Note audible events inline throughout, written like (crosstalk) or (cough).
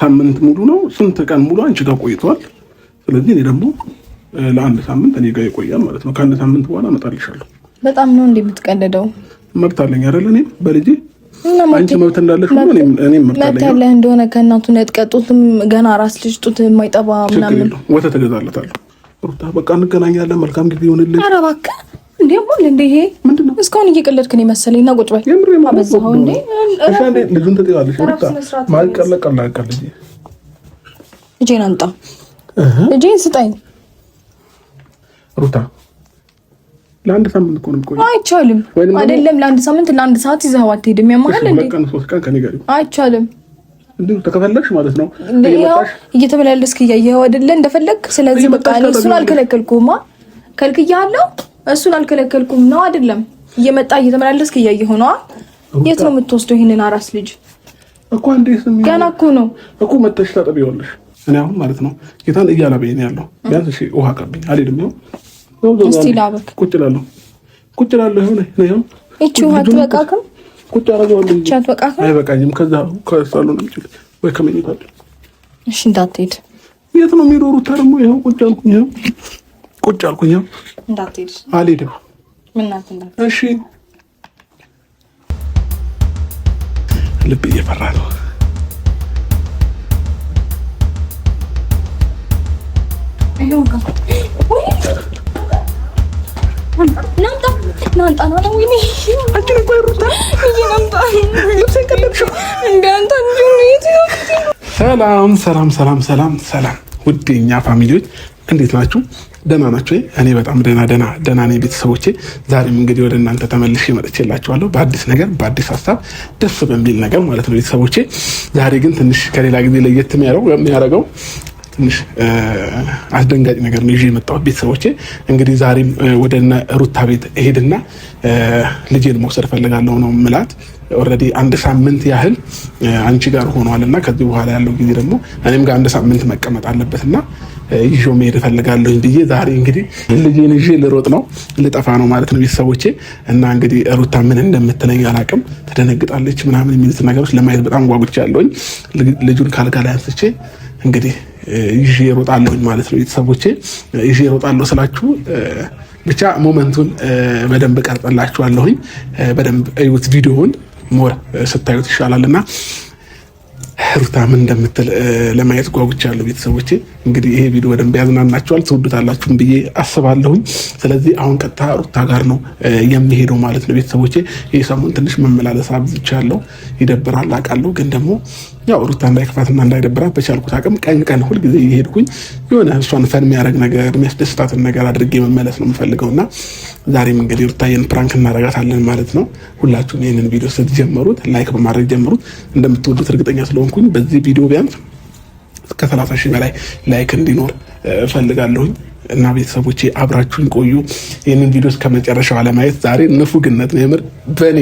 ሳምንት ሙሉ ነው ስንት ቀን ሙሉ አንቺ ጋር ቆይቷል። ስለዚህ እኔ ደግሞ ለአንድ ሳምንት እኔ ጋር ይቆያል ማለት ነው። ከአንድ ሳምንት በኋላ እመጣልሻለሁ። በጣም ነው እንደ የምትቀልደው። መብት አለኝ አይደል? እኔም በልጄ አንቺ መብት እንዳለሽ ሁሉ እኔም መብት አለኝ። እንደሆነ ከእናቱ ነጥቀ ጡትም ገና ራስ ልጅ ጡት የማይጠባ ምናምን ወተት እገዛለታለሁ። ሩታ በቃ እንገናኛለን። መልካም ጊዜ ይሆንልኝ። ኧረ እባክህ እንዴሞል እስካሁን እየቀለድክ ነው እና ቁጭ በል ልጁን አምጣ፣ ስጠኝ። ሩታ ለአንድ ሳምንት እኮ ነው አይቻልም። አይደለም ለአንድ ሳምንት ለአንድ ሰዓት ይዘኸው አትሄድም። ያማል አይቻልም። እንዲሁ ተከፈለግሽ ማለት ነው። እየተመላለስክ እያየኸው አይደለ ስለዚህ በቃ እሱን ከልክያለሁ እሱን አልከለከልኩም ነው አይደለም። እየመጣ እየተመላለስክ እያየሁ ነዋ። የት ነው የምትወስደው ይሄንን አራስ ልጅ? እኮ እንዴት ነው ገና እኮ ነው እኮ መተሽ ታጠብ ይሆንልሽ። እኔ አሁን ማለት ነው ጌታን እያላበኝ ነው ያለው። ቢያንስ እሺ ውሃ ቀብኝ አልሄድም። ነው እስቲ ላበክ ቁጭ እላለሁ ቁጭ እላለሁ። ይሁን ነው እቺ ውሃ አትበቃክም? ቁጭ አደርገዋለሁ እንጂ አትበቃክም? አይበቃኝም። ከዛ ከሳሎን ነው የምችል ወይ ከመኝታ እሺ። እንዳትሄድ የት ነው የሚኖሩት ደግሞ? ይኸው ቁጭ አልኩኝ፣ ይኸው ቁጭ አልኩኝ፣ ይኸው እንዳትሄድ። አልሄድም። እሺ። ልብ እየፈራ ነው። ሰላም ሰላም ሰላም ሰላም፣ ውድ የኛ ፋሚሊዎች እንዴት ናችሁ? ደህና ናቸው። እኔ በጣም ደህና ደህና ደህና ነኝ ቤተሰቦቼ። ዛሬም እንግዲህ ወደ እናንተ ተመልሼ መጥቼላችኋለሁ በአዲስ ነገር በአዲስ ሀሳብ ደስ በሚል ነገር ማለት ነው ቤተሰቦቼ። ዛሬ ግን ትንሽ ከሌላ ጊዜ ለየት የሚያደርገው ትንሽ አስደንጋጭ ነገር ነው ይዤ የመጣሁት ቤተሰቦቼ። እንግዲህ ዛሬም ወደ ሩታ ቤት እሄድና ልጄን መውሰድ ፈልጋለሁ ነው ምላት። ኦልሬዲ አንድ ሳምንት ያህል አንቺ ጋር ሆኗል እና ከዚህ በኋላ ያለው ጊዜ ደግሞ እኔም ጋር አንድ ሳምንት መቀመጥ አለበት እና ይዞ መሄድ እፈልጋለሁኝ ብዬ ዛሬ እንግዲህ ልጄን ይዤ ልሮጥ ነው ልጠፋ ነው ማለት ነው ቤተሰቦቼ። እና እንግዲህ ሩታ ምን እንደምትለኝ አላቅም፣ ትደነግጣለች ምናምን የሚሉት ነገሮች ለማየት በጣም ጓጉቻለሁኝ። ልጁን ካልጋ ላይ አንስቼ እንግዲህ ይዤ እሮጣለሁኝ ማለት ነው ቤተሰቦቼ። ይዤ እሮጣለሁ ስላችሁ ብቻ ሞመንቱን በደንብ ቀርጠላችኋለሁኝ። በደንብ እዩት ቪዲዮውን ሞር ስታዩት ይሻላል እና ምን እንደምትል ለማየት ጓጉቻለሁ። ቤተሰቦች እንግዲህ ይሄ ቪዲዮ በደንብ ያዝናናቸዋል፣ ትወዱታላችሁም ብዬ አስባለሁኝ። ስለዚህ አሁን ቀጥታ ሩታ ጋር ነው የሚሄደው ማለት ነው ቤተሰቦች ይህ ሰሞን ትንሽ መመላለስ አብዝቻለሁ፣ ይደብራል አውቃለሁ፣ ግን ደግሞ ያው ሩታ እንዳይከፋትና እንዳይደብራት በቻልኩት አቅም ቀን ቀን ሁልጊዜ እየሄድኩኝ የሆነ እሷን ፈን የሚያደርግ ነገር የሚያስደስታትን ነገር አድርጌ መመለስ ነው የምፈልገው እና ዛሬም እንግዲህ ሩታዬን ፕራንክ እናደርጋታለን ማለት ነው። ሁላችሁም ይህንን ቪዲዮ ስትጀምሩት ላይክ በማድረግ ጀምሩት። እንደምትወዱት እርግጠኛ ስለሆንኩኝ በዚህ ቪዲዮ ቢያንስ ከሰላሳ ሺህ በላይ ላይክ እንዲኖር እፈልጋለሁኝ። እና ቤተሰቦቼ አብራችሁን ቆዩ። ይህንን ቪዲዮ እስከ መጨረሻው ዛሬ ንፉግነት ነው የምር በእኔ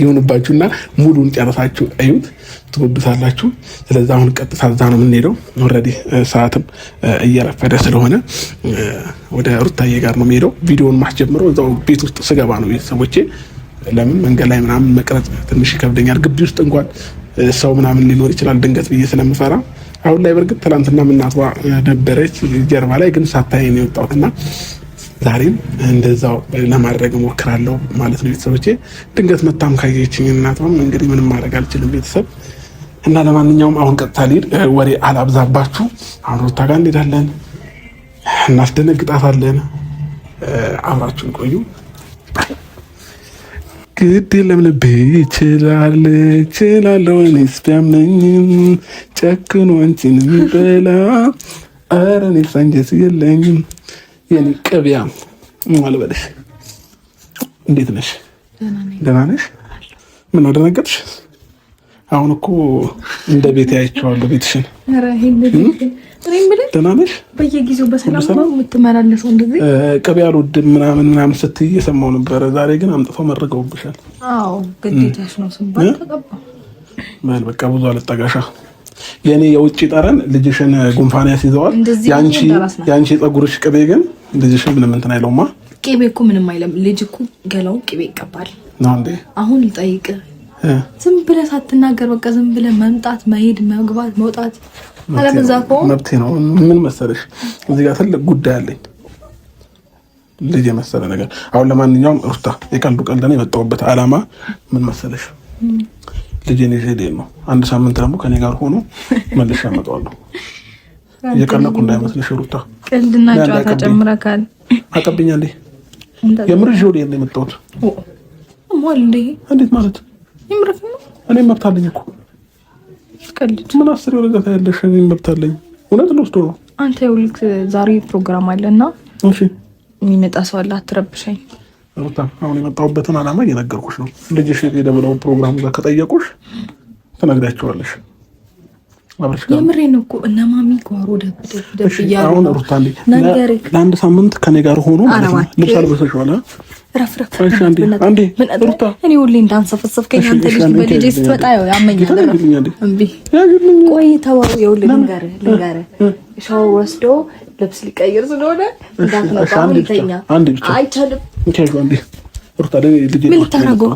ይሁንባችሁና ሙሉን ጨረሳችሁ እዩት፣ ትወዱታላችሁ። ስለዚ አሁን ቀጥታ እዛ ነው የምንሄደው። ኦልሬዲ ሰዓትም እየረፈደ ስለሆነ ወደ ሩታዬ ጋር ነው የምሄደው። ቪዲዮን ማስጀምረው እዛው ቤት ውስጥ ስገባ ነው ቤተሰቦቼ። ለምን መንገድ ላይ ምናምን መቅረጽ ትንሽ ይከብደኛል። ግቢ ውስጥ እንኳን ሰው ምናምን ሊኖር ይችላል ድንገት ብዬ ስለምፈራ አሁን ላይ በእርግጥ ትላንትና እናቷ ነበረች ጀርባ ላይ ግን ሳታይ ነው የወጣሁት እና ዛሬም እንደዛው ለማድረግ እሞክራለሁ ማለት ነው። ቤተሰቦቼ ድንገት መታም ካየችኝ እናቷም እንግዲህ ምንም ማድረግ አልችልም ቤተሰብ እና ለማንኛውም አሁን ቀጥታ ሊድ ወሬ አላብዛባችሁ። አሁን ሩታ ጋር እንሄዳለን፣ እናስደነግጣታለን። አብራችሁን ቆዩ። ግድ የለም ልቤ ይችላል እችላለሁ እኔስ ቢያምነኝም ጨክኖ አንቺን የሚበላ ኧረ እኔስ አንጀት የለኝም የኔ ቅቢያ አልበለሽ። እንዴት ነሽ? ደህና ነሽ? ምን አደነገጥሽ? አሁን እኮ እንደ ቤት ያይቸዋለሁ። ቤትሽን ደህና ነሽ? በየጊዜው በሰላም ነው የምትመላለሰው። እንደዚህ ቅቤ አልወድም ምናምን ምናምን ስትይ እየሰማሁ ነበረ። ዛሬ ግን አምጥተው መርገውብሻል። አዎ ግዴታሽ ነው ተቀባ። በል በቃ ብዙ አልጠጋሻ። የውጭ ጠረን ልጅሽን ጉንፋን ያስይዘዋል። የአንቺ የፀጉርሽ ቅቤ ግን ልጅሽን ምንም እንትን አይለውማ። ቅቤ እኮ ምንም አይለም። ልጅ እኮ ገላውን ቅቤ ይቀባል። አሁን ልጠይቅህ ዝም ብለህ ሳትናገር በቃ ዝም ብለህ መምጣት፣ መሄድ፣ መግባት፣ መውጣት አለበዛ መብቴ ነው። ምን መሰለሽ እዚህ ጋር ትልቅ ጉዳይ አለኝ ልጅ የመሰለ ነገር። አሁን ለማንኛውም ሩታ የቀልዱ ቀልድ ነው። የመጣሁበት አላማ ምን መሰለሽ ልጄን ይዤ ልሄድ ነው። አንድ ሳምንት ደግሞ ከኔ ጋር ሆኖ መልሼ አመጣዋለሁ። የቀለድኩ እንዳይመስልሽ ሩታ፣ ቀልድና ጨዋታ ጨምረካል። አቀብኛል የምር ጆ የመጣሁት እንዴት ማለት ይምረፍ ነው። እኔም መብት አለኝ እኮ ቀልድ ምን አስር ወለዛ ታያለሽ። እኔም መብት አለኝ። እውነት ልወስዶ ነው። አንተ ዛሬ ፕሮግራም አለና እሺ፣ የሚመጣ ሰው አለ፣ አትረብሸኝ። ሩታ አሁን የመጣሁበትን እየነገርኩሽ ነው። ልጅሽ ሄደ ብለው ጋር ከጠየቁሽ እኮ እነ ማሚ ጓሮ እያሉ ነው። ለአንድ ሳምንት ከኔ ጋር ሆኖ ማለት ነው ልብስ ረፍረፍ እኔ ሁሌ እንዳንሰፈሰፍከኝ አንተ ልጅ በልጅ ስትመጣ ያው ያመኛል። ቆይ ተባው የውል ልንገር ልንገር ሻወር ወስዶ ልብስ ሊቀይር ስለሆነ እንዳትመጣ አይቻልም። ምን ልታረገው?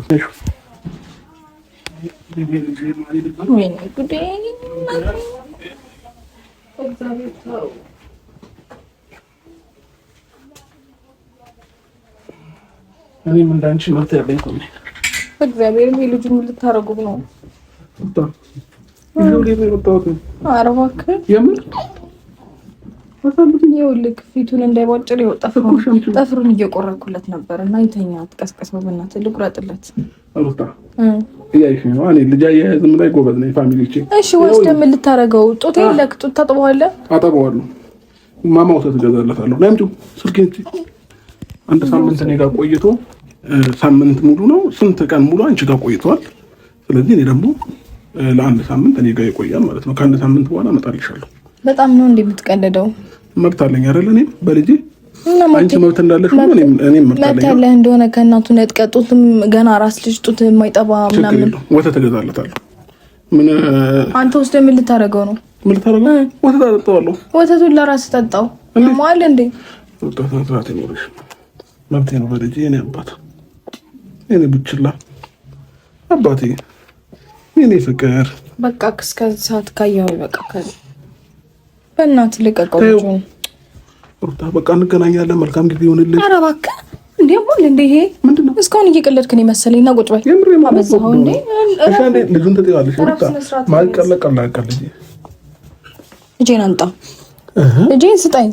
እኔም እንዳንቺ መብት ያለኝ ቆሜ እግዚአብሔር ምን ልታረጉብ ነው። ይኸውልህ፣ ፊቱን እንዳይቧጭር ይኸው ጠፍሩን እየቆረኩለት ነበር እና የተኛ ትቀስቀሰው በእናትህ ልቁረጥለት። ልጅ አያያዝም ላይ ጎበዝ ነኝ ፋሚሊ እሺ፣ ወስደህ ምን ልታረገው? ጡት የለክ ጡት ታጥበዋለህ? አጠበዋለሁ። ማማ ወተት እገዛለታለሁ። ስልኬን አንድ ሳምንት እኔ ጋር ቆይቶ ሳምንት ሙሉ ነው ስንት ቀን ሙሉ አንቺ ጋር ቆይቷል? ስለዚህ እኔ ደግሞ ለአንድ ሳምንት እኔ ጋር ይቆያል ማለት ነው። ከአንድ ሳምንት በኋላ እመጣልሻለሁ። በጣም ነው እንዴ የምትቀልደው። መብት አለኝ አይደል? እኔም በልጄ አንቺ መብት እንዳለሽ ሁሉ እኔም መብት አለኝ እንደሆነ ከእናቱ ነጥቀህ ጡትም ገና ራስ ልጅ ጡት የማይጠባ ምናምን ወተት እገዛለታለሁ። ምን አንተ ውስጥ ምን ልታደርገው ነው? ምን ልታደርገው ወተት አጠጣዋለሁ። ወተቱን ለራስህ ጠጣው ማለት እንዴ? ወጣት አጥራት ይኖርሽ መብት ነው በልጄ እኔ አባት የኔ ቡችላ አባቴ የኔ ፍቅር በቃ እስከ ሰዓት ካየው በቃ በእናትህ ልቀቀው። ሩታ በቃ እንገናኛለን። መልካም ጊዜ ይሁንልን። ኧረ እባክህ እንዴ ሞል እንዴ ይሄ ምንድነው? እስካሁን እየቀለድክን መሰለኝ። እና ቁጭ በል አበዛኸው እንዴ። እሺ እንዴ ልጁን ትጠይዋለሽ ሩታ ማይቀለቀ ላቀል ልጅ ልጄን አምጣ ልጄን ስጠኝ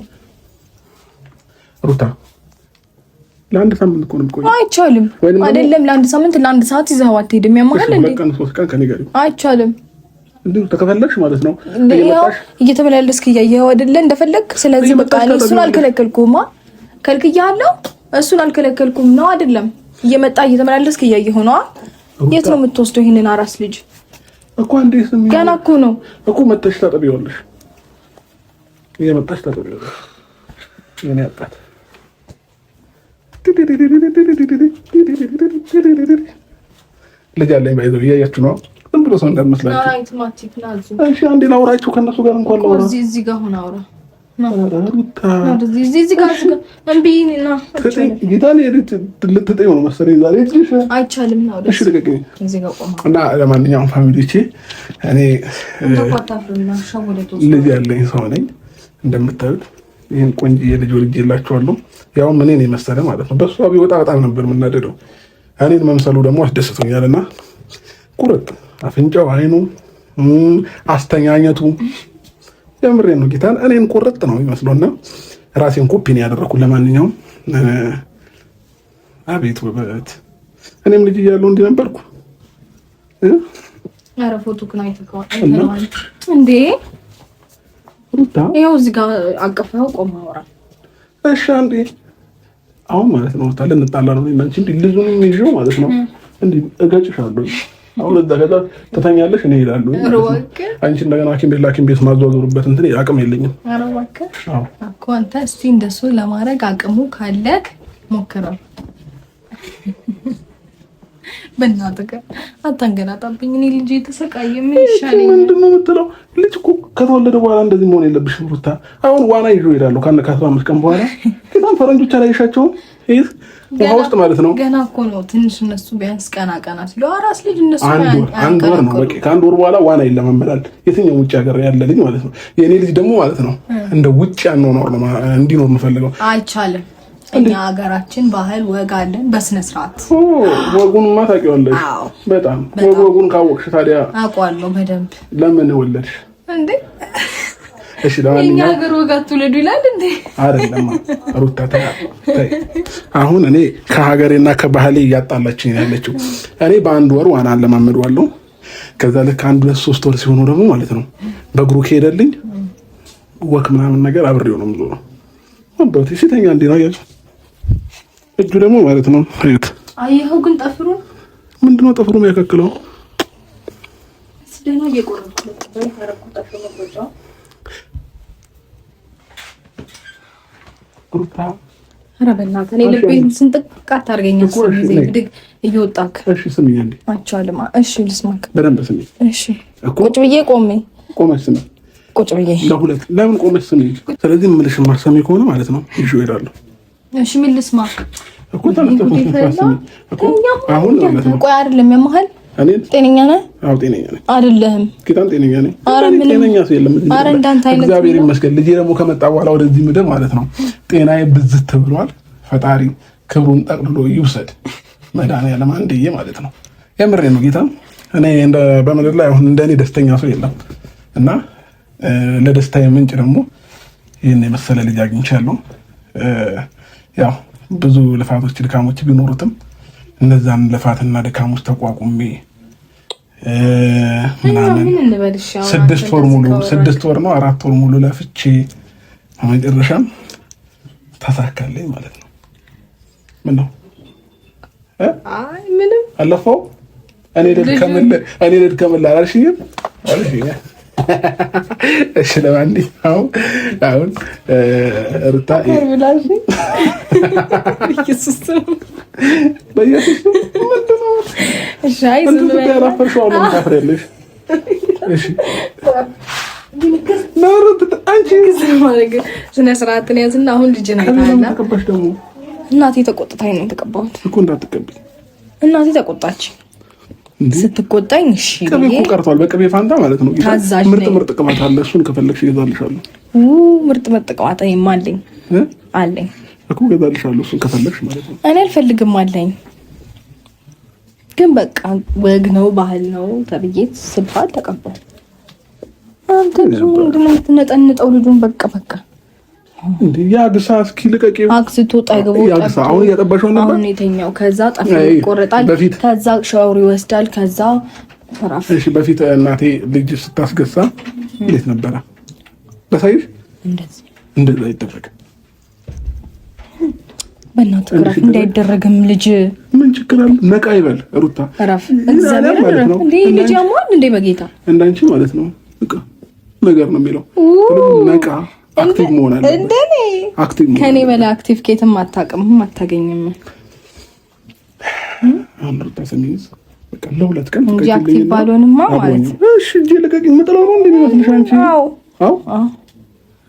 ሩታ ለአንድ ሳምንት እኮ ነው የምቆየው። አይቻልም። አይደለም ለአንድ ሳምንት ለአንድ ሰዓት ይዘኸው አትሄድም። ያማል እንዴ? ሶስት ቀን ከኔ ጋር አይቻልም። እንዲሁ ተከፈለግሽ ማለት ነው እየተመላለስክ እያየኸው አይደለ እንደፈለግ። ስለዚህ በቃ እኔ እሱን አልከለከልኩማ። ከልክያለሁ። እሱን አልከለከልኩም ነው አይደለም። እየመጣ እየተመላለስክ እያየኸው ነዋ። የት ነው የምትወስደው ይሄንን አራስ ልጅ? እኮ አንዴ ስም ገና እኮ ነው እኮ መጣሽ ታጠቢዋለሽ። እየመጣሽ ታጠቢዋለሽ። ምን ያጣት ልጅ አለኝ ባይዘው እያያችሁ ነው። ዝም ብሎ ሰው እንዳትመስላችሁ። አንዴ ላውራችሁ ጋር እንኳን ላውራ። እዚህ እዚህ ጋር እና ለማንኛውም ፋሚሊዎቼ እኔ ልጅ ያለኝ ሰው ነኝ እንደምታዩት ይህን ቆንጆ የልጅ ወልጅ የላቸዋለሁ። ያውም እኔን የመሰለ ማለት ነው። በእሷ ቢወጣ በጣም ነበር የምናደደው። እኔን መምሰሉ ደግሞ አስደስቶኛል። እና ቁርጥ አፍንጫው፣ አይኑ፣ አስተኛኘቱ የምሬ ነው። ጌታን እኔን ቁርጥ ነው ይመስለውና ራሴን ኮፒን ያደረኩ። ለማንኛውም አቤት ውበት! እኔም ልጅ እያለሁ እንዲህ ነበርኩ። ኧረ ፎቶ ግን አይተኸዋል እንዴ? ሩታ ይኸው እዚህ ጋር አቅፈኸው ቆም አወራል። እሺ አንዴ አሁን ማለት ነው ታ ልንጣላ ነው እንጂ እንዴ ልጁን ይዤው ማለት ነው እንዴ እጋጭሻለሁ። አሁን እዛ ከዛ ትተኛለሽ፣ እኔ እሄዳለሁ። አንቺ እንደገና ሐኪም ቤት ላኪም ቤት ማዘዋወሩበት እንትን አቅም የለኝም እኮ አንተ እስቲ እንደሱ ለማድረግ አቅሙ ካለክ ሞክረው። በእናትህ ጋር እኔ ልጅ የተሰቃየ ምንድን ነው የምትለው? ልጅ እኮ ከተወለደ በኋላ እንደዚህ መሆን የለብሽም ሩታ። አሁን ዋና ይዞ ሄዳለሁ ከአንድ ከአስራ አምስት ቀን በኋላ ከዛም ፈረንጆች አላየሻቸውም ውሃ ውስጥ ማለት ነው። ገና እኮ ነው ትንሽ እነሱ ቢያንስ ቀና ቀና ሲሉ አራስ ልጅ እነሱ አንድ ወር ነው በቃ። ከአንድ ወር በኋላ ዋና ይለማመዳል። የትኛው ውጭ ሀገር ያለ ልጅ ማለት ነው። የእኔ ልጅ ደግሞ ማለት ነው እንደ ውጭ እንዲኖር የምፈልገው። አይቻልም እኛ ሀገራችን ባህል ወግ አለን። በስነ ስርዓት ወጉንማ ታውቂዋለሽ። በጣም ወጉን ካወቅሽ ታዲያ አውቀዋለሁ በደንብ። ለምን ወለድሽ እንዴ? እሺ ለማንኛውም የእኛ ሀገር ወግ አትውለዱ ይላል እንዴ? አይደለም ሩታ፣ አሁን እኔ ከሀገሬና ከባህሌ እያጣላችኝ ያለችው። እኔ በአንድ ወር ዋና አለማመደዋለሁ። ከዛ ልክ አንድ ሁለት ሶስት ወር ሲሆኑ ደግሞ ማለት ነው በእግሩ ከሄደልኝ ወክ ምናምን ነገር አብሬው ነው ምዞ ነው። ሲተኛ እንዲህ ነው ያቸው እጁ ደግሞ ማለት ነው እዩት። አየኸው ግን ጠፍሩ ምንድነው? ጠፍሩ የሚያከክለው ኧረ በእናትህ እኔ ልቤን ስንጥቅ አታድርገኝ። እሺ ልስማክ በደንብ ስሚ። እሺ ቁጭ ብዬ ቆሜ ቆመሽ ስሚ። ቁጭ ብዬ ለሁለት ለምን ቆመሽ ስሚ። ስለዚህ የምልሽን ማሰሚ ከሆነ ማለት ነው ይዤው እሄዳለሁ እሺ ምን ልስማ እኮ ጤነኛ ነህ? አዎ ጤነኛ ነኝ። አይደለህም? ጌታን ጤነኛ ነኝ። አረ ምን ጤነኛ ሰው የለም። አረ እንዳንተ አይነት እግዚአብሔር ይመስገን። ልጄ ደግሞ ከመጣ በኋላ ወደዚህ ምድር ማለት ነው ጤናዬ ብዝት ብሏል። ፈጣሪ ክብሩን ጠቅልሎ ይውሰድ። መድኃኒዓለም አንድዬ ማለት ነው። የምሬ ነው ጌታ። እኔ እንደ በምድር ላይ አሁን እንደኔ ደስተኛ ሰው የለም እና ለደስታዬ ምንጭ ደግሞ ይህን የመሰለ ልጅ አግኝቻለሁ። ያው ብዙ ልፋቶች ድካሞች ቢኖሩትም እነዛን ልፋትና ድካሞች ተቋቁሜ ስድስት ወር ሙሉ ስድስት ወር ነው አራት ወር ሙሉ ለፍቼ መጨረሻም ተሳካለኝ ማለት ነው። ምን ነው አይ ምንም አለፈው እኔ ልድ ከምል አላልሽኝም አልሽኝ እሺ ለማንኛውም አሁን ሩታ ስነ ያዝና አሁን ልጅ እናቴ ተቆጥታኝ ነው የተቀባሁት። እናቴ ተቆጣች። ስትቆጣኝ እሺ ቅቤ ቀርቷል። በቅቤ ፋንታ ማለት ነው። ምርጥ ምርጥ ቅባት አለ። እሱን ከፈለግሽ እገዛልሻለሁ። ምርጥ ምርጥ ቅባት አለኝ አለኝ እኮ እገዛልሻለሁ። እሱን ከፈለግሽ ማለት ነው። እኔ አልፈልግም አለኝ። ግን በቃ ወግ ነው ባህል ነው ተብዬ ስባል ተቀባል። አንተ ምንድን ነው የምትነጠንጠው ልጁን? በቃ በቃ ያግሳ እስኪ ልቀቂ። አክስቶ ጠግቦ ያግሳ አሁን እያጠባሽው ነበር። አሁን የተኛው ከዛ ጠፍ ይቆረጣል። ከዛ ሻወር ይወስዳል። ከዛ እሺ፣ በፊት እናቴ ልጅ ስታስገሳ እንዴት ነበረ? ለሳይሽ እንደዛ ይደረግ በእናትህ ክራፍ እንዳይደረግም ልጅ ምን ችግር አለ? ነቃ ይበል ሩታ ራፍ ልጅ ያሟል እንዴ በጌታ እንዳንቺ ማለት ነው ነገር ነው የሚለው ነቃ አክቲቭ መሆን አለበት። እንደኔ አክቲቭ መሆን ከኔ በላይ አክቲቭ ኬትም አታውቅም አታገኝም። አምሮታ ሰሚዝ በቃ ለሁለት ቀን እንጂ አክቲቭ ባልሆንማ ማለት እሺ እጄ ለቀቂ መጥላው ነው እንደሚመስልሽ አንቺ? አዎ አዎ።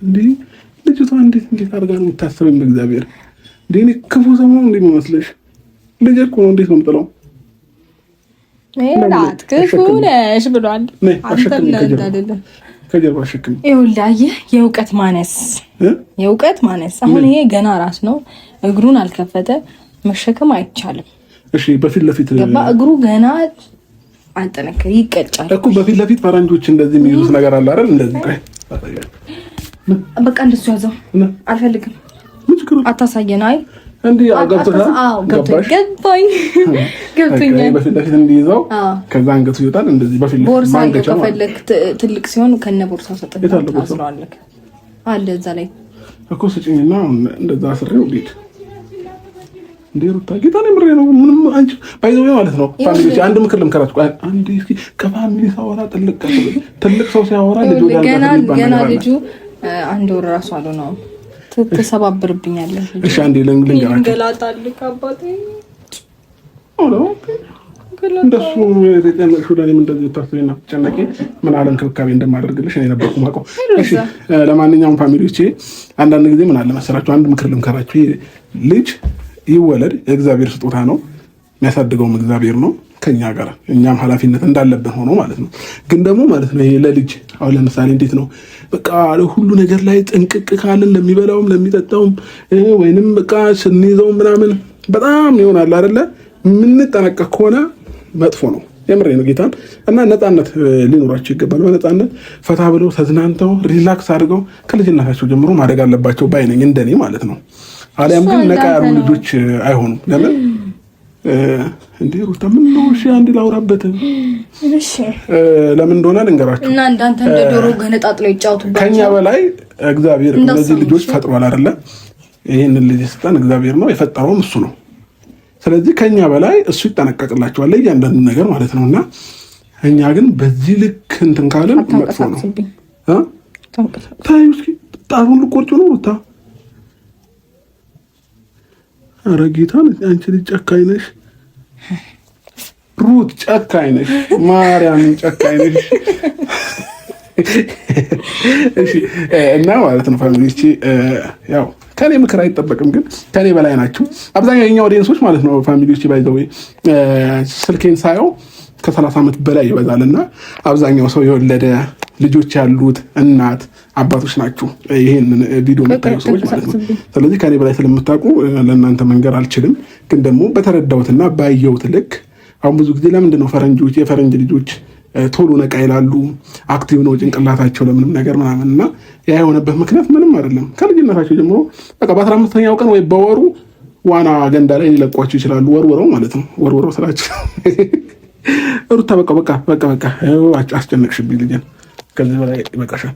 እንዴ ልጅቷ እንዴት እንዴት አድርጋ ነው የምታስበኝ? በእግዚአብሔር እንዴ እኔ ክፉ ሰሞኑ እንደሚመስልሽ ልጅ እኮ ነው። እንዴት ነው የምጥለው? ይሄ ክፉ ነሽ ብሏል። አንተ እንደ አይደለም ከጀርባ ሽክም ይኸውልህ፣ አየህ፣ የእውቀት ማነስ የእውቀት ማነስ። አሁን ይሄ ገና ራስ ነው፣ እግሩን አልከፈተ፣ መሸከም አይቻልም። እሺ፣ በፊት ለፊት ገባ፣ እግሩ ገና አልጠነከረ፣ ይቀጫል እኮ በፊት ለፊት ፈረንጆች እንደዚህ የሚሉት ነገር አለ አይደል? እንደዚህ በቃ እንደሱ ያዘው፣ አልፈልግም፣ አታሳየን። አይ እንዲህ ገብቶታል። ገባኝ ገብቶኛል። በፊት ለፊት እንዲይዘው ከዛ አንገቱ ይወጣል። እንደዚህ በፊት ቦርሳ ከፈለክ ትልቅ ሲሆን ከነ ቦርሳ ሰጥታለህ አለ እዛ ላይ እኮ ስጭኝና እንደዛ አስሬው ቤት እንዴ ሩታ ጌታ ነው ምሬ ነው ምንም አንቺ ባይዘው ማለት ነው። ፋሚሊ አንድ ምክር ልምከራችሁ። አንድ እስኪ ከፋሚሊ ሳወራ ትልቅ ሰው ሲያወራ ልጅ ገና ልጁ አንድ ወር ራሱ አሉ ነው ትሰባብርብኛለህ። እሺ አንዴ ምን አለ እንክብካቤ እንደማደርግልሽ እኔ ነበርኩ የማውቀው። እሺ ለማንኛውም ፋሚሊዎቼ አንዳንድ ጊዜ ምን አለ መሰላችሁ፣ አንድ ምክር ልምከራችሁ። ልጅ ይወለድ የእግዚአብሔር ስጦታ ነው፣ የሚያሳድገውም እግዚአብሔር ነው። ከኛ ጋር እኛም ኃላፊነት እንዳለብን ሆኖ ማለት ነው። ግን ደግሞ ማለት ነው ይሄ ለልጅ አሁን ለምሳሌ እንዴት ነው በቃ ሁሉ ነገር ላይ ጥንቅቅ ካልን ለሚበላውም ለሚጠጣውም ወይንም በቃ ስንይዘው ምናምን በጣም ይሆናል አይደለ? የምንጠነቀቅ ከሆነ መጥፎ ነው። የምሬ ነው ጌታን እና ነፃነት ሊኖራቸው ይገባል። በነፃነት ፈታ ብለው ተዝናንተው ሪላክስ አድርገው ከልጅነታቸው ጀምሮ ማደግ አለባቸው ባይነኝ እንደኔ ማለት ነው። አሊያም ግን ነቃ ያሉ ልጆች አይሆኑም። ለምን እንዴ ሩታ ምን ነው? እሺ አንድ ላውራበት። እሺ ለምን እንደሆነ ልንገራችሁ እና እንዳንተ እንደ ዶሮ ገነጣጥለው ይጫወቱበት። ከኛ በላይ እግዚአብሔር እነዚህ ልጆች ፈጥሯል አይደለ? ይሄን ልጅ ስልጣን እግዚአብሔር ነው የፈጠረውም እሱ ነው። ስለዚህ ከኛ በላይ እሱ ይጠነቀቅላቸዋል ለእያንዳንዱ ነገር ማለት ነው። እና እኛ ግን በዚህ ልክ እንትን ካለን መጥፎ ነው። ታዩ እስኪ ጣሩን ልቆርጩ ነው ሩታ ኧረ ጌታን አንቺ ልጅ ጨካኝ ነሽ ሩት፣ ጨካኝ ነሽ ማርያምን፣ ጨካኝ ነሽ። እና ማለት ነው ፋሚሊ እቺ ያው ከኔ ምክር አይጠበቅም፣ ግን ከኔ በላይ ናቸው አብዛኛው የኛ ኦዲየንሶች ማለት ነው ፋሚሊ ፋሚሊዎቼ። ባይዘዌ ስልኬን ሳየው ከሰላሳ ዓመት በላይ ይበዛል እና አብዛኛው ሰው የወለደ ልጆች ያሉት እናት አባቶች ናችሁ፣ ይሄንን ቪዲዮ የምታዩ ሰዎች ማለት ነው። ስለዚህ ከኔ በላይ ስለምታውቁ ለእናንተ መንገር አልችልም፣ ግን ደግሞ በተረዳሁትና ባየሁት ልክ አሁን ብዙ ጊዜ ለምንድን ነው ፈረንጆች የፈረንጅ ልጆች ቶሎ ነቃ ይላሉ፣ አክቲቭ ነው ጭንቅላታቸው ለምንም ነገር ምናምን እና ያ የሆነበት ምክንያት ምንም አይደለም። ከልጅነታቸው ጀምሮ በቃ በአስራ አምስተኛው ቀን ወይ በወሩ ዋና ገንዳ ላይ ሊለቋቸው ይችላሉ። ወርወረው ማለት ነው። ወርወረው ስላቸው ሩታ በቃ በቃ በቃ በቃ አስጨነቅሽብኝ ልጄን ከዚህ በላይ ይበቃሻል።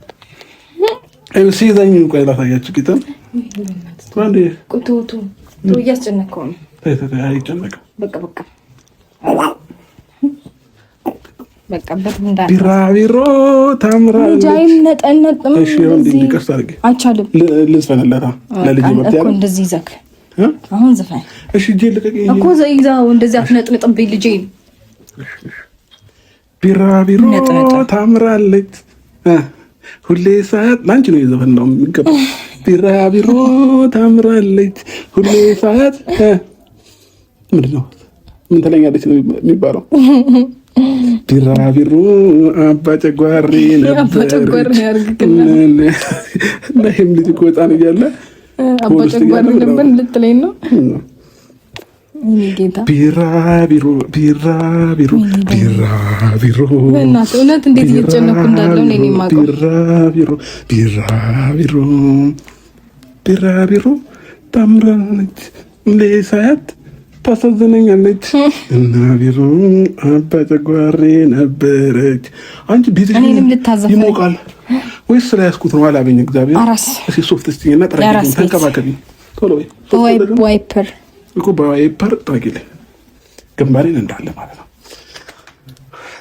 ኤልሲ ይዛኝ ቆይ ላሳያችሁ ቂጥን እያስጨነቀው ነው። ቢራቢሮ ታምራለች ሁሌ ሰዓት ላንቺ ነው የዘፈን ነው የሚገባው። ቢራቢሮ ታምራለች ሁሌ ሰዓት ምንድን ነው ምን ትለኛለች ነው የሚባለው። ቢራቢሮ አባ ጨጓሬ ነበር። ይህም ልጅ እኮ ሕፃን እያለ አባ ነበር ልትለኝ ነው ቢራቢሮ ቢራቢሮ ቢራቢሮ በእናትህ እውነት እንዴት እየተጨነኩ እንዳለው እኔ የማውቀው ቢራቢሮ ቢራቢሮ ቢራቢሮ ታምራለች እንደ ሳያት ታሳዝነኛለች እና ቢሮ አባ ነበረች። አንቺ ቤት ይሞቃል ወይስ ስለ ነው? አላበኝ እግዚአብሔር ሶፍት ስቲኝና ጠራ ተንከባከቢ ቶሎ ወይ ዋይፐር እኮ በዋይፐር ጠረጊል ግንባሬን እንዳለ ማለት ነው።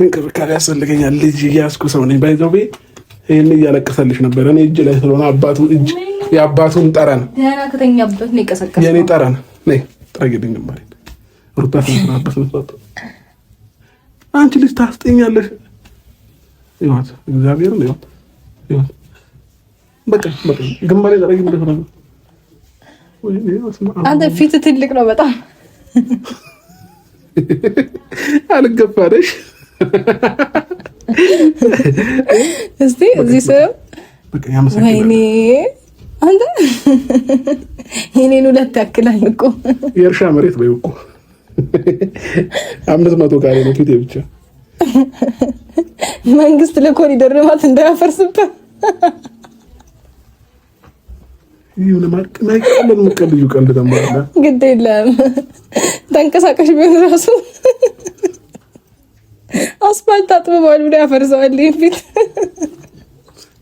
እንክብካቤ ያስፈልገኛል። ልጅ እያያዝኩ ሰው ነኝ። ባይዘው ይህን እያለቀሰልሽ ነበር። እኔ እጅ ላይ ስለሆነ አባቱ እጅ የአባቱን ጠረን ነው የእኔ ጠረን ጠረጊልኝ ግንባሬን። ሩታ አንቺ ልጅ ታስጠኛለሽ። በቃ በቃ ግንባሬ አንተ ፊት ትልቅ ነው በጣም አልገባለሽ። እስቲ እዚህ ሰው ወይኔ አንተ የኔን ሁለት ያክላል እኮ የእርሻ መሬት በይው እኮ አምስት መቶ ካሬ ነው ፊቴ ብቻ። መንግስት ለኮሪደር ልማት እንዳያፈርስበት የሆነ ማይቀለል ግድ የለም ተንቀሳቃሽ ቢሆን ራሱ አስፋልት አጥብበዋል ብሎ ያፈርሰዋል። ፊት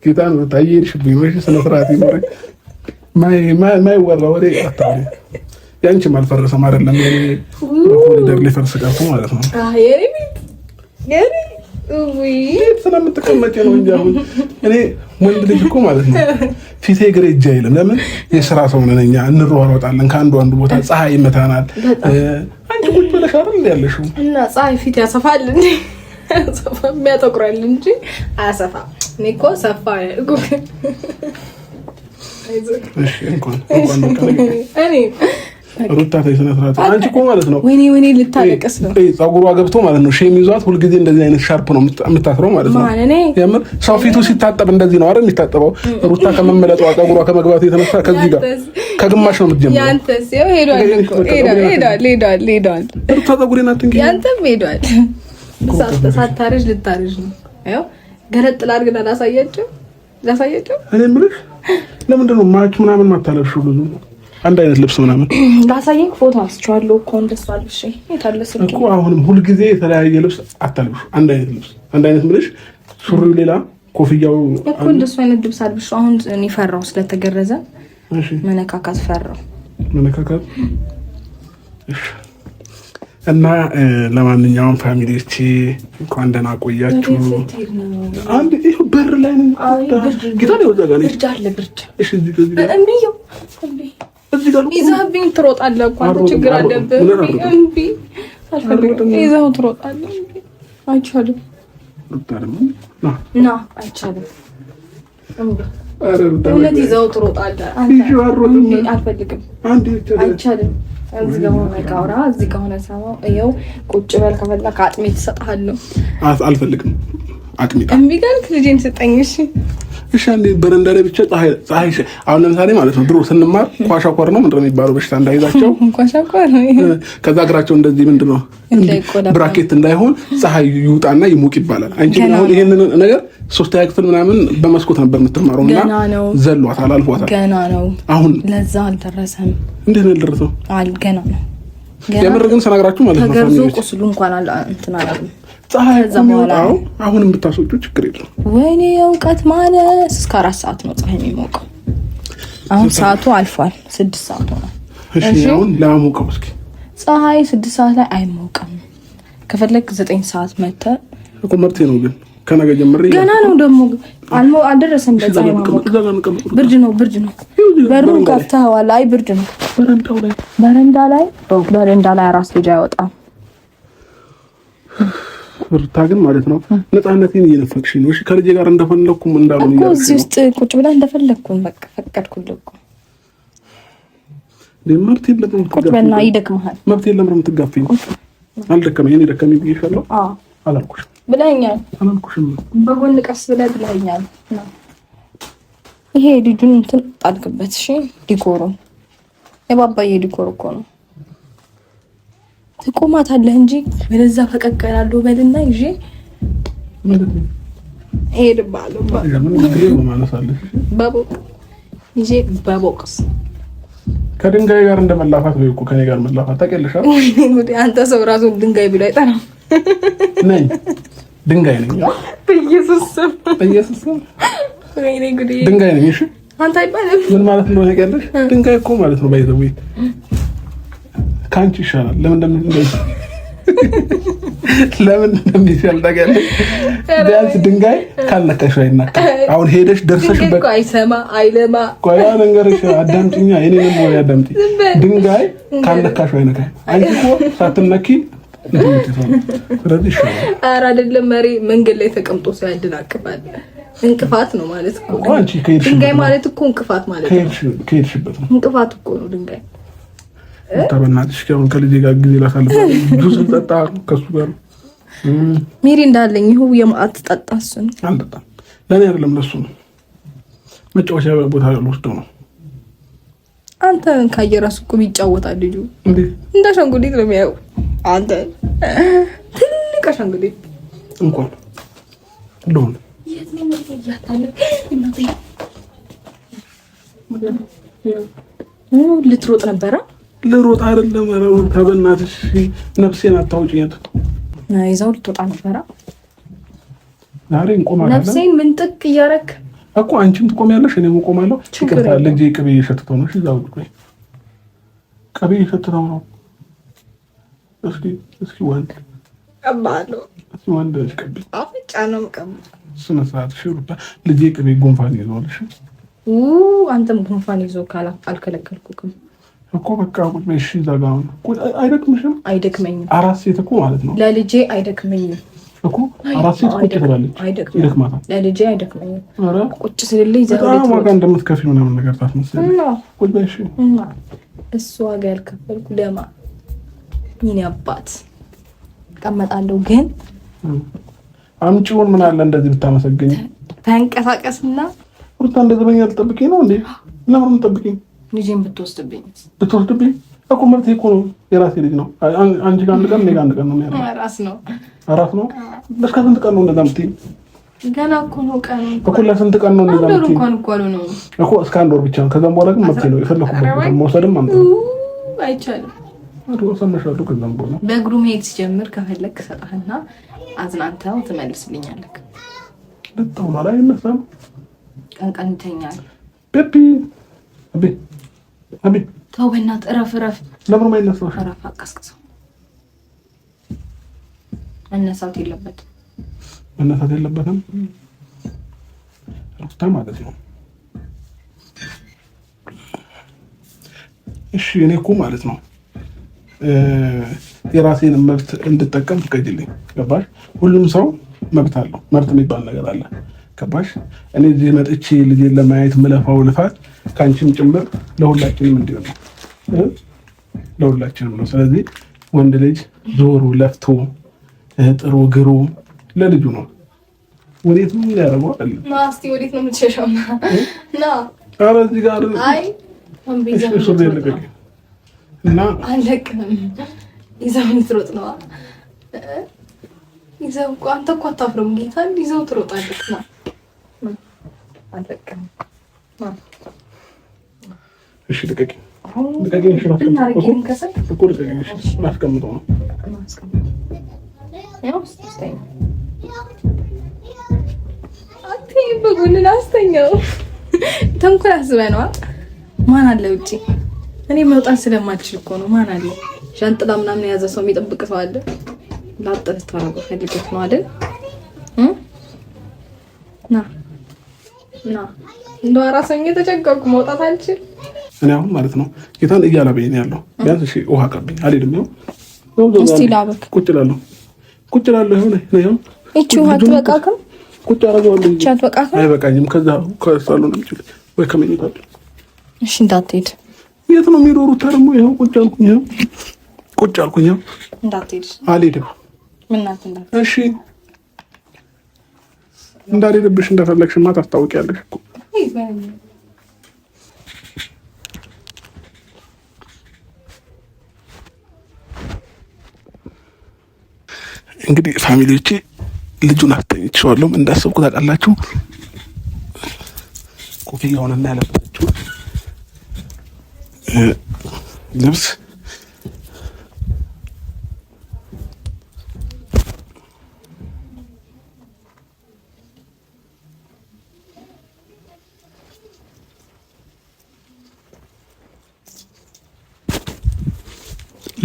ጌታ ነው። ታየሽብኝ ወይ ስነ ስርዓት ይኖረኝ። ማይወራ ወደ አታሪ ያንቺም አልፈረሰም አይደለም ኮሪደር ሊፈርስ ቀርቶ ማለት ነው። ስለምትቀመጭ ነው እንጂ አሁን እኔ ወንድ ልጅ እኮ ማለት ነው ፊቴ ግሬ እጅ አይልም። ለምን የስራ ሰው ነን እኛ፣ እንሯሯጣለን ከአንዱ አንዱ ቦታ፣ ፀሐይ ይመታናል። አንቺ ቁጭ ብለሽ አይደል ያለሽው? እና ፀሐይ ፊት ያሰፋል እንዴ? ያሰፋ ያጠቁራል እንጂ አያሰፋም። እኔ እኮ ሰፋ እንኳን ሩታ ተይ ስነ ስርዓት። አንቺ እኮ ማለት ነው ወይኔ ወይኔ ልታለቅስ ነው። እይ ፀጉሯ ገብቶ ማለት ነው ሼም ይዟት ሁልጊዜ እንደዚህ አይነት ሻርፕ ነው የምታስረው ማለት ነው። የምር ሰው ፊቱ ሲታጠብ እንደዚህ ነው አይደል የሚታጠበው? ሩታ ከመመለጧ ፀጉሯ ከመግባቱ የተነሳ ከዚህ ጋር ከግማሽ ነው የምትጀምረው። ያንተስ ይኸው ሄዷል እኮ ሄዷል ሄዷል ሄዷል። ሩታ ፀጉሬ ናት እንግዲህ ያንተም ሄዷል። ሳታረጅ ልታረጅ ነው። ይኸው ገለጥ ላድርግና ላሳያቸው ላሳያቸው። እኔ የምልሽ ለምንድን ነው ማች ምናምን ማታለብሽው ብዙ አንድ አይነት ልብስ ምናምን ላሳየኝ ፎቶ አንስቼዋለሁ እኮ እንደሱ አልብሽ የታለ ስልኬ እኮ አሁንም ሁልጊዜ የተለያየ ልብስ አታልብሽ አንድ አይነት ልብስ አንድ አይነት ምልሽ ሱሪው ሌላ ኮፍያው እኮ እንደሱ አይነት ልብስ አልብሽ አሁን እኔ ፈራው ስለተገረዘ መነካካት ፈራው መነካካት እሺ እና ለማንኛውም ፋሚሊዎቼ እንኳን ደህና ቆያችሁ። አንድ በር ላይ ጌታ ይዘህብኝ ትሮጣለህ እኮ አንተ። ችግር አለብህ። እምቢ ትሮጣለህ። አይቻልም። ና አይቻልም። እውነት ይዘኸው ትሮጣለህ። አልፈልግም። አይቻልም። እዚህ ከሆነ ቃውራ፣ እዚህ ከሆነ ሰማው። ይኸው ቁጭ በል። ከፈለክ አጥሜ ትሰጥሃለሁ። አልፈልግም። አጥሜ እምቢ ልጄን ስጠኝ። እሺ እሺ አንዴ በረንዳ ላይ ብቻ ፀሐይ ፀሐይ አሁን ለምሳሌ ማለት ነው ድሮ ስንማር ኳሻኳር ነው ምንድነው የሚባለው በሽታ እንዳይዛቸው (laughs) ከዛ እግራቸው እንደዚህ ምንድነው ብራኬት እንዳይሆን ፀሐይ ይውጣና ይሞቅ ይባላል። አንቺ አሁን ይሄንን ነገር ሶስተኛ ክፍል ምናምን በመስኮት ነበር የምትማረው እና ዘሏት አላልፏታል። ገና ነው አሁን ለዛ አልደረሰም። እንዴት ነው ያልደረሰው? ገና ነው። የምር ግን ስነግራችሁ ማለት ነው ተገርዞ ቁስሉ እንኳን እንትን አላለም ፀሐይ የሚወጣው አሁንም ብታስወጩ ችግር የለም። ወይኔ የእውቀት ማነስ እስከ አራት ሰዓት ነው ፀሐይ የሚሞቀው። አሁን ሰዓቱ አልፏል፣ ስድስት ሰዓቱ ነው። አሁን ላሞቀው እስኪ ፀሐይ ስድስት ሰዓት ላይ አይሞቀም። ከፈለግ ዘጠኝ ሰዓት መተህ እኮ መብቴ ነው ግን ከነገ ጀምሬ ገና ነው ደግሞ አልሞ አልደረሰም። ፀሐይ ብርድ ነው ብርድ ነው። በሩን ከፍተኸዋል። አይ ብርድ ነው። በረንዳ ላይ በረንዳ ላይ አራስ ልጅ አይወጣም። ሩታ ግን ማለት ነው ነፃነቴን እየነፈቅሽ ነው። ከልጄ ጋር እንደፈለግኩም እንዳሉ እዚህ ውስጥ ቁጭ ብላ እንደፈለግኩም በቃ ፈቀድኩልህ እኮ መብት የለም። ቁጭ በልና ይደክመሃል። መብት የለም ነው የምትጋፈኝ። አልደከመኝ እኔ ደከመኝ ብዬሻለሁ አላልኩሽም? ብለኸኛል። አላልኩሽም? በጎን ቀስ ብለህ ብለኸኛል። ይሄ ልጁን እንትን ጣልቅበት። እሺ ዲኮሩ የባባዬ ዲኮር እኮ ነው ትቆማታለህ እንጂ ወደዛ ፈቀቅ እላለሁ በልና ይዤ ከድንጋይ ጋር እንደመላፋት ወይ እኮ ከኔ ጋር መላፋት ታውቂያለሽ። አንተ ሰው ራሱ ድንጋይ ብሎ አይጠራም። ነኝ ድንጋይ ነኝ። በኢየሱስ ስም በኢየሱስ ስም ድንጋይ ነኝ። እሺ አንተ አይባልም። ምን ማለት እንደሆነ ታውቂያለሽ? ድንጋይ እኮ ማለት ነው ባይዘው ከአንቺ ይሻላል። ለምን እንደምንደይ ለምን እንደሚሻል ታውቂያለሽ? ቢያንስ ድንጋይ ካልነካሽ አይናካ። አሁን ሄደሽ ደርሰሽበት አይሰማ አይለማ። ቆይ ነገርሽ አዳምጪኛ፣ የኔንም ወሬ አዳምጪ። ድንጋይ ካልነካሽ አይነካ። አንቺ እኮ ሳትነኪ ስለዚህ ይሻላል። ኧረ አይደለም መሪ መንገድ ላይ ተቀምጦ ሰው ያደናቅፋል። እንቅፋት ነው ማለት እኮ ድንጋይ ማለት እኮ እንቅፋት ማለት ነው። ከሄድሽበት ነው እንቅፋት እኮ ነው ድንጋይ ተበናትሽ ከሁን ከልጄ ጋር ጊዜ ላሳልፍ ብዙ ጠጣ ከሱ ጋር ሚሪ እንዳለኝ ይኸው የማት ጠጣ። እሱን አልጠጣም። ለእኔ አይደለም ለሱ ነው። መጫወቻ ቦታ ወስደው ነው። አንተ ካየ ራሱ እኮ ይጫወታል ልጁ። እንደ አሻንጉሊት ነው የሚያየው። አንተ ትልቅ አሻንጉሊት እንኳን ለሆነ ልትሮጥ ነበረ ልሮጥ አይደለም። ኧረ በእናትሽ ነፍሴን አታውጭኝ። ይዘው ልትወጣ ነበረ። ዛሬ እንቆማለን። ነፍሴን ምንጥቅ እኮ አንቺም ትቆሚያለሽ፣ እኔም እቆማለሁ። ይቅርታ ልጄ ቅቤ እየሸተተው ነው። እዛው ቅቤ እየሸተተው ነው። እስኪ እስኪ ወንድ ቅቤ አፍጫ ነው የምቀባው። ስነ ስርዓት ቅቤ ጉንፋን ይዟል። እሺ አንተም ጉንፋን ይዞ ካላ አልከለከልኩክም እኮ በቃ ቁጭ በይ እሺ። እዛ ጋር አይደክምሽም? አይደክመኝም። አራት ሴት እኮ ማለት ነው ለልጄ አይደክመኝም እኮ አራት ሴት ቁጭ ትላለች፣ ይደክማታል። ለልጄ አይደክመኝም። ቁጭ ስልልኝ በጣም ዋጋ እንደምትከፊ ምናምን ነገር ታስመስለኝ። ቁጭ በይ እሺ። እሱ ዋጋ ያልከፈልኩ ደማ ይኔ አባት እቀመጣለሁ። ግን አምጪውን ምን አለ እንደዚህ ብታመሰግኝ። ተንቀሳቀስና ሩታ እንደዘበኛ ልጠብቄ ነው እንዴ? ለምን ጠብቄ ልጅን ብትወስድብኝ ብትወስድብኝ እኮ መብት እኮ ነው። የራሴ ልጅ ነው። አንቺ ጋር አንድ ቀን እኔ ጋር አንድ ቀን ነው ያለው። ነው አራስ ነው። እስከ ስንት ቀን ነው እንደዛ የምትይኝ? ገና እኮ ነው ቀኑ እኮ ለስንት ቀን ነው እንደዛ የምትይኝ? እኮ እስከ አንድ ወር ብቻ ነው። ከዛም በኋላ ግን መብት ነው። የፈለኩበት መውሰድም መውሰድም አይቻልም። ሰምሻለሁ። ከዛም በኋላ በእግሩ መሄድ ሲጀምር ከፈለግ ሰጠህና አዝናንተው ትመልስልኛለህ። ልጣውና ላይ አይነሳም። ቀን ቀን ይተኛል ቤቢ ቤ ተው በእናትህ እረፍ እረፍ። ለምን ማይነሳው? እረፍ አቀስቅሰው። መነሳት የለበትም መነሳት የለበትም ሩታ ማለት ነው። እሺ እኔ እኮ ማለት ነው የራሴን መብት እንድጠቀም ፍቀጅልኝ። ገባሽ? ሁሉም ሰው መብት አለው። መብት የሚባል ነገር አለ። ገባሽ? እኔ እዚህ መጥቼ ልጄን ለማየት ምለፋው ልፋት ከአንቺም ጭምር ለሁላችንም እንዲሆን ነው፣ ለሁላችንም ነው። ስለዚህ ወንድ ልጅ ዞሩ ለፍቶ ጥሩ ግሩ ለልጁ ነው። ወዴት ነው ያደረገው? ናስቲ ወዴት ነው የምትሸሸው? ና ኧረ እዚህ ጋር አይ ነው እና አለቅም ይዘው ትሮጥ ነዋ። ይዘው አንተ እኮ አታፍርም ጌታ ይዘው ትሮጣለች ነው አልበቃም። እሺ እሺ ላስቀምጠው ነው በጎን ተንኮል አስበህ ነዋ። ማን አለ ውጪ? እኔ መውጣት ስለማልችል እኮ ነው። ማን አለ ዣንጥላ ምናምን የያዘ ሰው የሚጠብቅ ሰው አለ? ላጥርት ታረጉ ፈልገት ነው አይደል? ና እንደ አራሰኝ የተጨገርኩ መውጣት አልችል። እኔ አሁን ማለት ነው ጌታን እያላበኝ ያለው ቢያንስ እሺ፣ ውሃ ቀብኝ። አልሄድም። ያው እስቲ ላበክ ቁጭ እላለሁ፣ ቁጭ እላለሁ። ይሁን ነው እቺ ውሃ አትበቃክም። ቁጭ አደርገዋለሁ። እቺ አትበቃክም። አይበቃኝም። ከዛ ከሳሉ ነው የሚችል ወይ ከመኝታ እሺ፣ እንዳትሄድ። የት ነው የሚኖሩት ደግሞ? ይኸው ቁጭ አልኩኝ፣ ይኸው ቁጭ አልኩኝ፣ ይኸው እንዳትሄድ። አልሄድም። ምናት እሺ እንዳልሄድብሽ እንደፈለግሽማ ታስታውቂያለሽ እኮ እንግዲህ ፋሚሊዎቼ ልጁን አስተኝቼዋለሁ። እንዳሰብኩ ታውቃላችሁ፣ የሆነና ያለበታችሁ ልብስ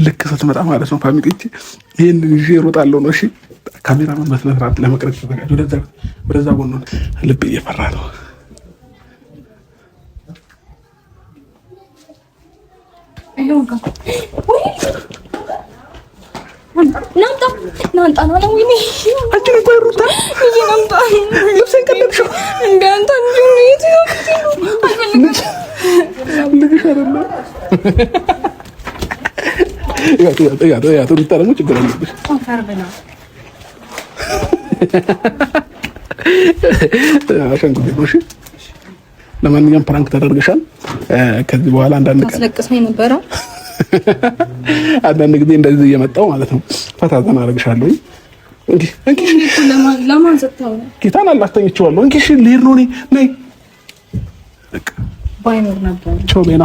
ልክ ስትመጣ ማለት ነው ፋሚሊ እጅ ይህንን ይዤ እሮጣለሁ ነው። እሺ ካሜራማን በስነ ስርዓት ለመቅረጽ ተዘጋጅ። ወደዛ ጎን ልብ እየፈራ ነው። ናምጣ ብታደርጉ ችግር አለብሽ። ለማንኛውም ፕራንክ ተደርገሻል። ከዚህ በኋላ አንዳንድ ቀን አንዳንድ ጊዜ እንደዚህ እየመጣው ማለት ነው ፈታ ዘና አደርግሻለሁ። ጌታን አላስተኝቼዋለሁ። እንግዲህ ልሄድ ነው እኔ ባይኖር ነበር ቾ ሌና